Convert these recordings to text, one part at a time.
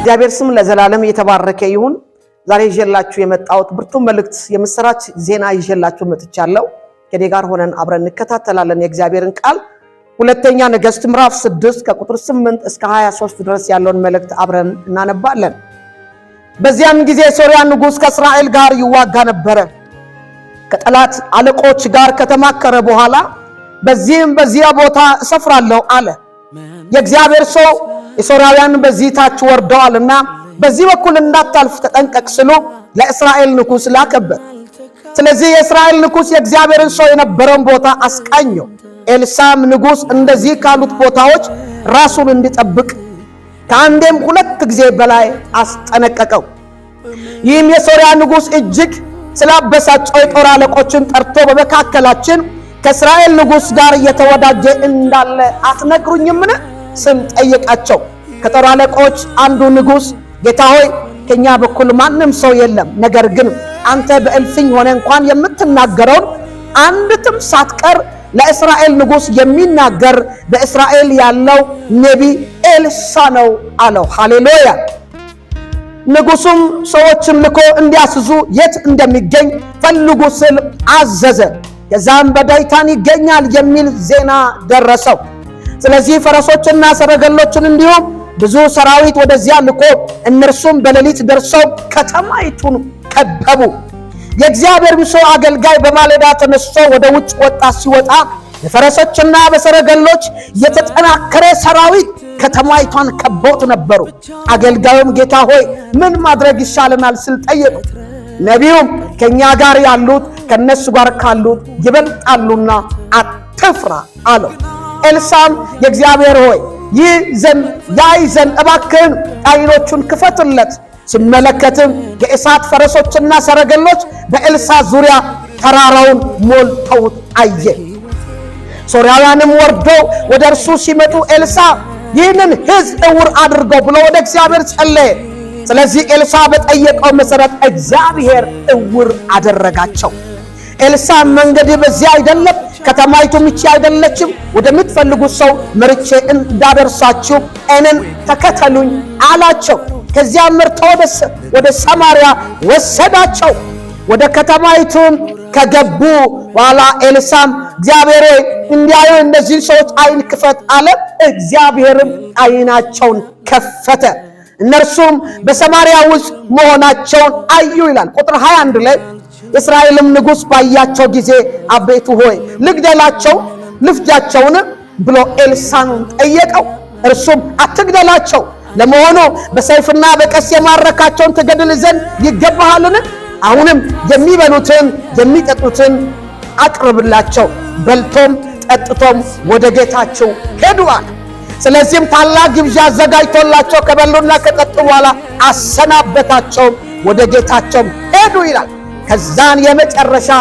እግዚአብሔር ስም ለዘላለም እየተባረከ ይሁን። ዛሬ ይዤላችሁ የመጣሁት ብርቱ መልእክት የምስራች ዜና ይዤላችሁ መጥቻለሁ። ከኔ ጋር ሆነን አብረን እንከታተላለን የእግዚአብሔርን ቃል። ሁለተኛ ነገሥት ምዕራፍ 6 ከቁጥር 8 እስከ 23 ድረስ ያለውን መልእክት አብረን እናነባለን። በዚያም ጊዜ የሶርያ ንጉሥ ከእስራኤል ጋር ይዋጋ ነበረ። ከጠላት አለቆች ጋር ከተማከረ በኋላ በዚህም በዚያ ቦታ እሰፍራለሁ አለ። የእግዚአብሔር ሰው የሶርያውያን በዚህ ታች ወርደዋልና በዚህ በኩል እንዳታልፍ ተጠንቀቅ ስሉ ለእስራኤል ንጉሥ ላከበት። ስለዚህ የእስራኤል ንጉሥ የእግዚአብሔርን ሰው የነበረውን ቦታ አስቃኘው። ኤልሳም ንጉሥ እንደዚህ ካሉት ቦታዎች ራሱን እንዲጠብቅ ከአንዴም ሁለት ጊዜ በላይ አስጠነቀቀው። ይህም የሶርያ ንጉሥ እጅግ ስላበሳጨው የጦር አለቆችን ጠርቶ በመካከላችን ከእስራኤል ንጉሥ ጋር እየተወዳጀ እንዳለ አትነግሩኝምን? ስም ጠየቃቸው። ከጦር አለቆች አንዱ ንጉሥ ጌታ ሆይ ከእኛ በኩል ማንም ሰው የለም፣ ነገር ግን አንተ በእልፍኝ ሆነ እንኳን የምትናገረውን አንድትም ሳትቀር ለእስራኤል ንጉሥ የሚናገር በእስራኤል ያለው ነቢ ኤልሳ ነው አለው። ሃሌሉያ! ንጉሡም ሰዎችን ልኮ እንዲያስዙ የት እንደሚገኝ ፈልጉ ስል አዘዘ። ከዛም በዳይታን ይገኛል የሚል ዜና ደረሰው። ስለዚህ ፈረሶችና ሰረገሎችን እንዲሁም ብዙ ሰራዊት ወደዚያ ልኮ እነርሱም በሌሊት ደርሰው ከተማይቱን ከበቡ። የእግዚአብሔር ሰው አገልጋይ በማለዳ ተነስቶ ወደ ውጭ ወጣ። ሲወጣ በፈረሶችና በሰረገሎች የተጠናከረ ሰራዊት ከተማይቷን ከቦት ነበሩ። አገልጋዩም ጌታ ሆይ ምን ማድረግ ይሻለናል? ስል ጠየቁ። ነቢዩም ከእኛ ጋር ያሉት ከእነሱ ጋር ካሉት ይበልጣሉና አትፍራ አለው። ኤልሳም የእግዚአብሔር ሆይ ይህ ዘንድ ያይ ዘንድ እባክህን ዓይኖቹን ክፈትለት። ሲመለከትም የእሳት ፈረሶችና ሰረገሎች በኤልሳ ዙሪያ ተራራውን ሞልተውት አየ። ሶርያውያንም ወርዶ ወደ እርሱ ሲመጡ ኤልሳ ይህንን ሕዝብ እውር አድርገው ብሎ ወደ እግዚአብሔር ጸለየ። ስለዚህ ኤልሳ በጠየቀው መሠረት እግዚአብሔር እውር አደረጋቸው። ኤልሳ መንገድ በዚያ አይደለም፣ ከተማይቱ ምቺ አይደለችም፣ ወደምትፈልጉት ሰው መርቼ እንዳደርሳችሁ እኔን ተከተሉኝ አላቸው። ከዚያ መርቶ ወደ ሰማርያ ወሰዳቸው። ወደ ከተማይቱም ከገቡ በኋላ ኤልሳም እግዚአብሔር እንዲያዩ እነዚህን ሰዎች አይን ክፈት አለ። እግዚአብሔርም አይናቸውን ከፈተ፣ እነርሱም በሰማርያ ውስጥ መሆናቸውን አዩ ይላል ቁጥር 21 ላይ የእስራኤልም ንጉሥ ባያቸው ጊዜ አቤቱ ሆይ ልግደላቸው ልፍጃቸውን ብሎ ኤልሳን ጠየቀው። እርሱም አትግደላቸው፣ ለመሆኑ በሰይፍና በቀስ የማረካቸውን ትገድል ዘንድ ይገባሃልን? አሁንም የሚበሉትን የሚጠጡትን አቅርብላቸው፣ በልቶም ጠጥቶም ወደ ጌታቸው ሄዱ አለ። ስለዚህም ታላቅ ግብዣ አዘጋጅቶላቸው ከበሉና ከጠጡ በኋላ አሰናበታቸውም፣ ወደ ጌታቸውም ሄዱ ይላል። ከዛን የመጨረሻ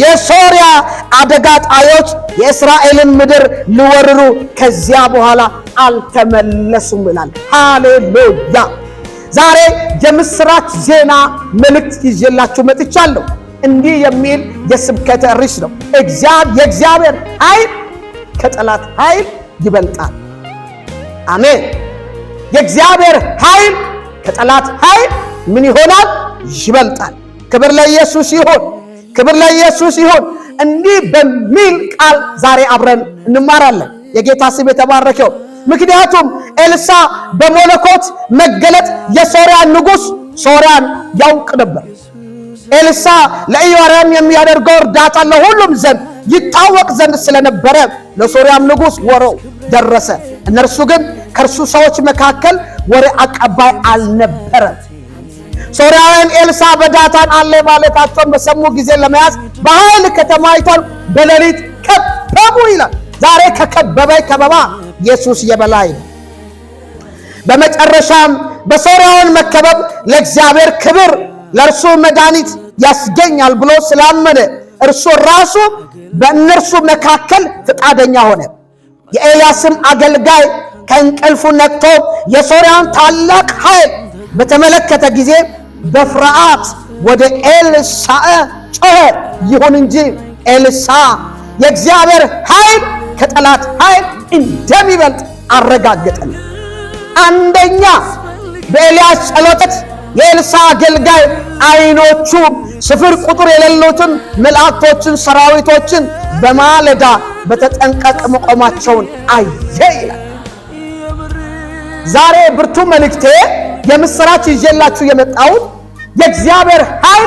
የሶሪያ አደጋ ጣዮች የእስራኤልን ምድር ሊወርሩ ከዚያ በኋላ አልተመለሱም ይላል። ሃሌሉያ! ዛሬ የምስራች ዜና መልእክት ይዤላችሁ መጥቻለሁ። እንዲህ የሚል የስብከተ ርዕስ ነው። የእግዚአብሔር ኃይል ከጠላት ኃይል ይበልጣል። አሜን። የእግዚአብሔር ኃይል ከጠላት ኃይል ምን ይሆናል? ይበልጣል። ክብር ለኢየሱስ ይሁን፣ ክብር ለኢየሱስ ይሁን። እንዲህ በሚል ቃል ዛሬ አብረን እንማራለን። የጌታ ስም የተባረከው። ምክንያቱም ኤልሳ በመለኮት መገለጥ የሶርያን ንጉሥ ሶርያን ያውቅ ነበር። ኤልሳ ለኢዮራም የሚያደርገው እርዳታ ለሁሉም ዘንድ ይታወቅ ዘንድ ስለነበረ ለሶርያም ንጉሥ ወሮ ደረሰ። እነርሱ ግን ከእርሱ ሰዎች መካከል ወሬ አቀባይ አልነበረም። ሶርያውያን ኤልሳ በዳታን አለ ማለታቸውን በሰሙ ጊዜ ለመያዝ በኃይል ከተማይቷን በሌሊት ከበቡ ይላል። ዛሬ ከከበበይ ከበባ ኢየሱስ የበላይ ነው። በመጨረሻም በሶርያውያን መከበብ ለእግዚአብሔር ክብር፣ ለእርሱ መድኃኒት ያስገኛል ብሎ ስላመነ እርሱ ራሱ በእነርሱ መካከል ፈቃደኛ ሆነ። የኤልያስም አገልጋይ ከእንቅልፉ ነቅቶ የሶርያን ታላቅ ኃይል በተመለከተ ጊዜ በፍርሃት ወደ ኤልሳዕ ጮኸ። ይሁን እንጂ ኤልሳ የእግዚአብሔር ኃይል ከጠላት ኃይል እንደሚበልጥ አረጋገጠን። አንደኛ በኤልያስ ጸሎት የኤልሳ አገልጋይ አይኖቹ ስፍር ቁጥር የሌሉትን መላእክቶችን ሰራዊቶችን በማለዳ በተጠንቀቅ መቆማቸውን አየ ይላል። ዛሬ ብርቱ መልእክቴ የምስራች ይዤላችሁ የመጣሁት የእግዚአብሔር ኃይል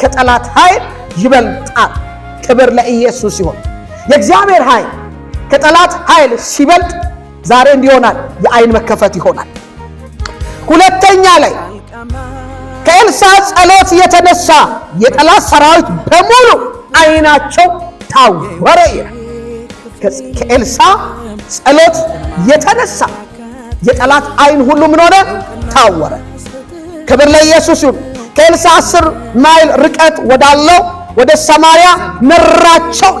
ከጠላት ኃይል ይበልጣል። ክብር ለኢየሱስ ሲሆን የእግዚአብሔር ኃይል ከጠላት ኃይል ሲበልጥ ዛሬ እንዲሆናል የአይን መከፈት ይሆናል። ሁለተኛ ላይ ከኤልሳ ጸሎት የተነሳ የጠላት ሰራዊት በሙሉ አይናቸው ታወረ ይላል። ከኤልሳ ጸሎት የተነሳ የጠላት አይን ሁሉ ምን ሆነ? ታወረ። ክብር ለኢየሱስ ይሁን። ከኤልሳ አስር ማይል ርቀት ወዳለው ወደ ሰማርያ መራቸው።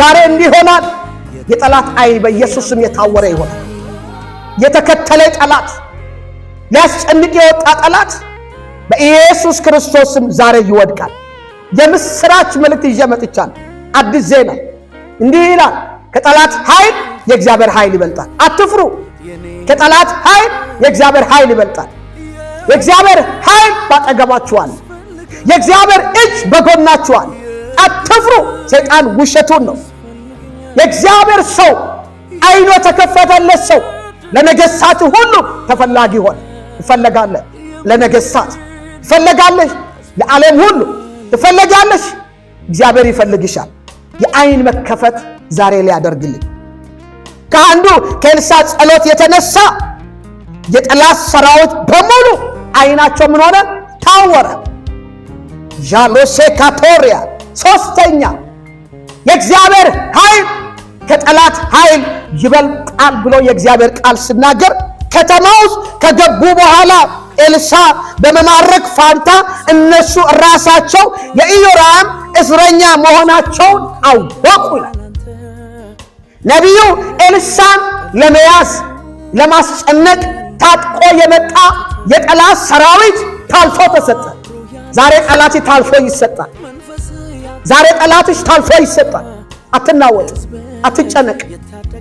ዛሬ እንዲሆናል የጠላት አይን በኢየሱስም የታወረ ይሆናል። የተከተለ ጠላት፣ ሊያስጨንቅ የወጣ ጠላት በኢየሱስ ክርስቶስም ዛሬ ይወድቃል። የምስራች መልእክት ይዤ አዲስ ዜና እንዲህ ይላል፣ ከጠላት ኃይል የእግዚአብሔር ኃይል ይበልጣል። አትፍሩ። ከጠላት ኃይል የእግዚአብሔር ኃይል ይበልጣል። የእግዚአብሔር ኃይል ባጠገባችኋል። የእግዚአብሔር እጅ በጎናችኋል። አትፍሩ፣ ሰይጣን ውሸቱን ነው። የእግዚአብሔር ሰው አይኖ ተከፈተለት። ሰው ለነገሥታት ሁሉ ተፈላጊ ሆነ። ትፈለጋለህ፣ ለነገሥታት ትፈለጋለሽ፣ ለዓለም ሁሉ ትፈለጋለሽ። እግዚአብሔር ይፈልግሻል። የአይን መከፈት ዛሬ ላይ ያደርግልኝ አንዱ ከኤልሳ ጸሎት የተነሳ የጠላት ሰራዊት በሙሉ አይናቸው ምን ሆነ? ታወረ። ዣሎሴ ካቶሪያ። ሶስተኛ የእግዚአብሔር ኃይል ከጠላት ኃይል ይበልጣል ብሎ የእግዚአብሔር ቃል ሲናገር ከተማ ውስጥ ከገቡ በኋላ ኤልሳ በመማረክ ፋንታ እነሱ ራሳቸው የኢዮራም እስረኛ መሆናቸውን አወቁ ይላል። ነቢዩ ኤልሳን ለመያዝ ለማስጨነቅ ታጥቆ የመጣ የጠላት ሰራዊት ታልፎ ተሰጠ። ዛሬ ጠላት ታልፎ ይሰጣል። ዛሬ ጠላትሽ ታልፎ ይሰጣል። አትናወጥ፣ አትጨነቅ።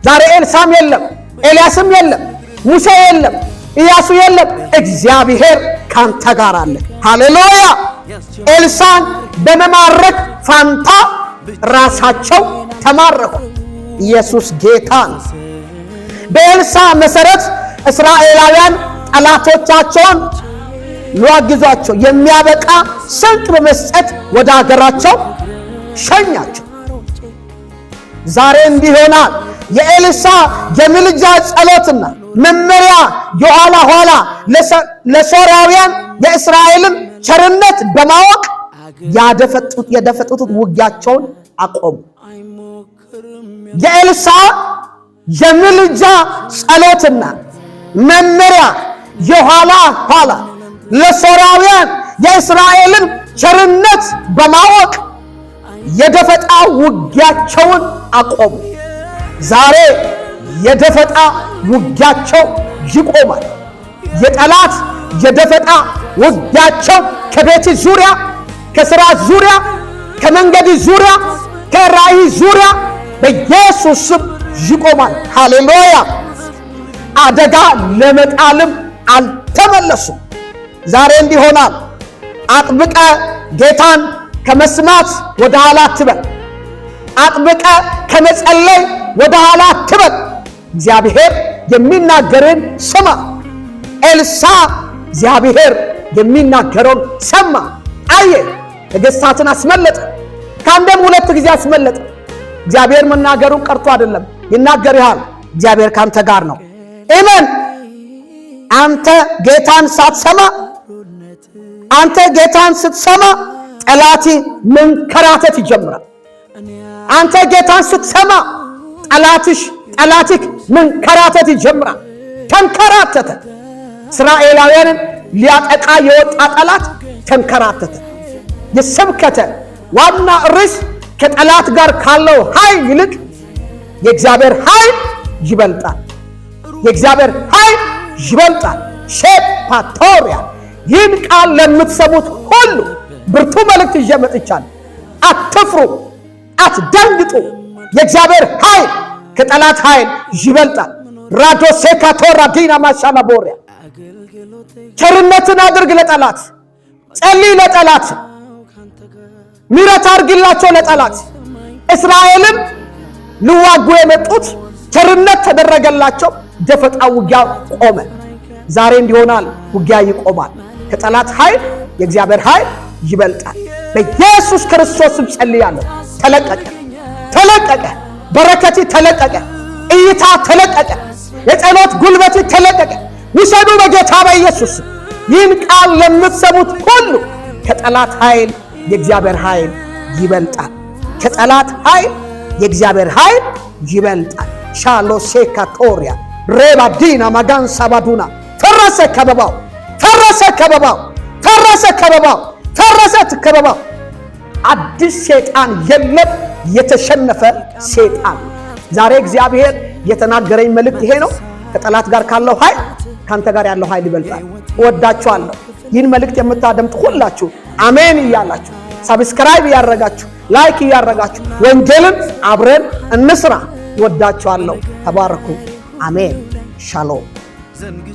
ዛሬ ኤልሳም የለም፣ ኤልያስም የለም፣ ሙሴ የለም፣ ኢያሱ የለም። እግዚአብሔር ካንተ ጋር አለ። ሃሌሉያ! ኤልሳን በመማረክ ፋንታ ራሳቸው ተማረኩ። ኢየሱስ ጌታ ነው። በኤልሳ መሰረት እስራኤላውያን ጠላቶቻቸውን ሊዋግዟቸው የሚያበቃ ስንቅ በመስጠት ወደ አገራቸው ሸኛቸው። ዛሬ እንዲህ ይሆናል። የኤልሳዕ የምልጃ ጸሎትና መመሪያ የኋላ ኋላ ለሶርያውያን የእስራኤልን ቸርነት በማወቅ ያደፈጡት ውጊያቸውን አቆሙ። የኤልሳ የምልጃ ጸሎትና መመሪያ የኋላ ኋላ ለሶራውያን የእስራኤልን ቸርነት በማወቅ የደፈጣ ውጊያቸውን አቆሙ። ዛሬ የደፈጣ ውጊያቸው ይቆማል። የጠላት የደፈጣ ውጊያቸው ከቤት ዙሪያ፣ ከስራ ዙሪያ፣ ከመንገድ ዙሪያ፣ ከራእይ ዙሪያ በኢየሱስ ስም ይቆማል። ሃሌሉያ! አደጋ ለመጣልም አልተመለሱም። ዛሬ እንዲሆናል። አጥብቀ ጌታን ከመስማት ወደ ኋላ ትበል። አጥብቀ ከመጸለይ ወደ ኋላ ትበል። እግዚአብሔር የሚናገርን ስማ። ኤልሳ እግዚአብሔር የሚናገረውን ሰማ፣ አየ። ነገሥታትን አስመለጠ። ከአንድም ሁለት ጊዜ አስመለጠ። እግዚአብሔር መናገሩን ቀርቶ አይደለም ይናገርሃል። እግዚአብሔር ካንተ ጋር ነው። ኢመን አንተ ጌታን ሳትሰማ አንተ ጌታን ስትሰማ ጠላት መንከራተት ይጀምራል። አንተ ጌታን ስትሰማ ጠላትሽ ጠላትክ መንከራተት ይጀምራል። ተንከራተተ። እስራኤላውያንን ሊያጠቃ የወጣ ጠላት ተንከራተተ። የስብከተ ዋና ርዕስ ከጠላት ጋር ካለው ኃይል ይልቅ የእግዚአብሔር ኃይል ይበልጣል። የእግዚአብሔር ኃይል ይበልጣል። ፓቶሪያ ይህን ቃል ለምትሰሙት ሁሉ ብርቱ መልእክት ይዤ መጥቻለሁ። አትፍሩ፣ አትደንግጡ። የእግዚአብሔር ኃይል ከጠላት ኃይል ይበልጣል። ራዶ ሴካቶራ ዲና ማሻማ ቦሪያ ቸርነትን አድርግ ለጠላት ጸልይ ለጠላት ምሕረት አድርግላቸው ለጠላት እስራኤልም ልዋጉ የመጡት ቸርነት ተደረገላቸው። ደፈጣ ውጊያ ቆመ። ዛሬ እንዲሆናል ውጊያ ይቆማል። ከጠላት ኃይል የእግዚአብሔር ኃይል ይበልጣል። በኢየሱስ ክርስቶስ ስም ጸልያለሁ። ተለቀቀ፣ ተለቀቀ። በረከት ተለቀቀ፣ እይታ ተለቀቀ፣ የጸሎት ጉልበት ተለቀቀ። ውሰዱ በጌታ በኢየሱስ ይህን ቃል ለምትሰሙት ሁሉ ከጠላት ኃይል የእግዚአብሔር ኃይል ይበልጣል። ከጠላት ኃይል የእግዚአብሔር ኃይል ይበልጣል። ሻሎ ሴካ ቶሪያ ሬባ ዲና ማጋን ሳባዱና ፈረሰ ከበባው ፈረሰ ከበባው ፈረሰ ከበባው ፈረሰ ከበባው። አዲስ ሴጣን የለም፣ የተሸነፈ ሴጣን። ዛሬ እግዚአብሔር የተናገረኝ መልእክት ይሄ ነው። ከጠላት ጋር ካለው ኃይል ካንተ ጋር ያለው ኃይል ይበልጣል። እወዳችኋለሁ። ይህን መልእክት የምታደምጡ ሁላችሁ አሜን እያላችሁ ሰብስክራይብ እያረጋችሁ ላይክ እያረጋችሁ ወንጌልን አብረን እንስራ። ወዳችኋለሁ። ተባረኩ። አሜን። ሻሎም